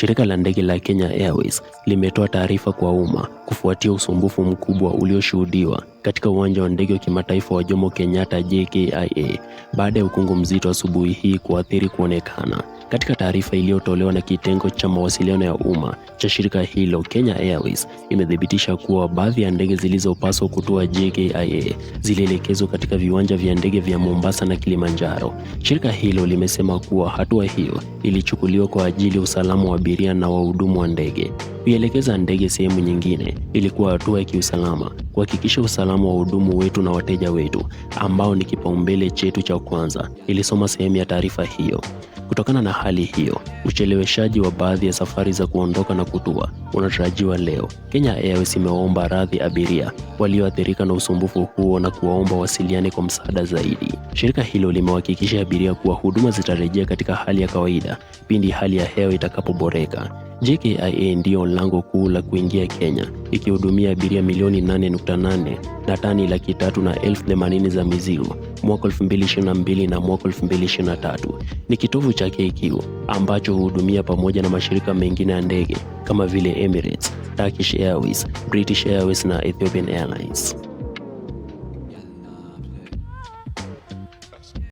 Shirika la ndege la Kenya Airways limetoa taarifa kwa umma kufuatia usumbufu mkubwa ulioshuhudiwa katika uwanja wa ndege wa kimataifa wa Jomo Kenyatta JKIA baada ya ukungu mzito asubuhi hii kuathiri kuonekana. Katika taarifa iliyotolewa na kitengo cha mawasiliano ya umma cha shirika hilo, Kenya Airways imethibitisha kuwa baadhi ya ndege zilizopaswa kutua JKIA zilielekezwa katika viwanja vya ndege vya Mombasa na Kilimanjaro. Shirika hilo limesema kuwa hatua hiyo ilichukuliwa kwa ajili ya usalama wa abiria na wahudumu wa ndege. Kuielekeza ndege sehemu nyingine ilikuwa hatua ya kiusalama, kuhakikisha usalama wa wahudumu wetu na wateja wetu, ambao ni kipaumbele chetu cha kwanza, ilisoma sehemu ya taarifa hiyo. Kutokana na hali hiyo, ucheleweshaji wa baadhi ya safari za kuondoka na kutua unatarajiwa leo. Kenya Airways imewaomba radhi abiria walioathirika na usumbufu huo na kuwaomba wasiliane kwa msaada zaidi. Shirika hilo limewahakikishia abiria kuwa huduma zitarejea katika hali ya kawaida pindi hali ya hewa itakapoboreka. JKIA ndiyo lango kuu la kuingia Kenya, ikihudumia abiria milioni 8.8 na tani laki tatu na elfu themanini za mizigo mwaka 2022 na mwaka 2023. Ni kitovu cha KQ ambacho huhudumia pamoja na mashirika mengine ya ndege kama vile Emirates, Turkish Airways, British Airways na Ethiopian Airlines.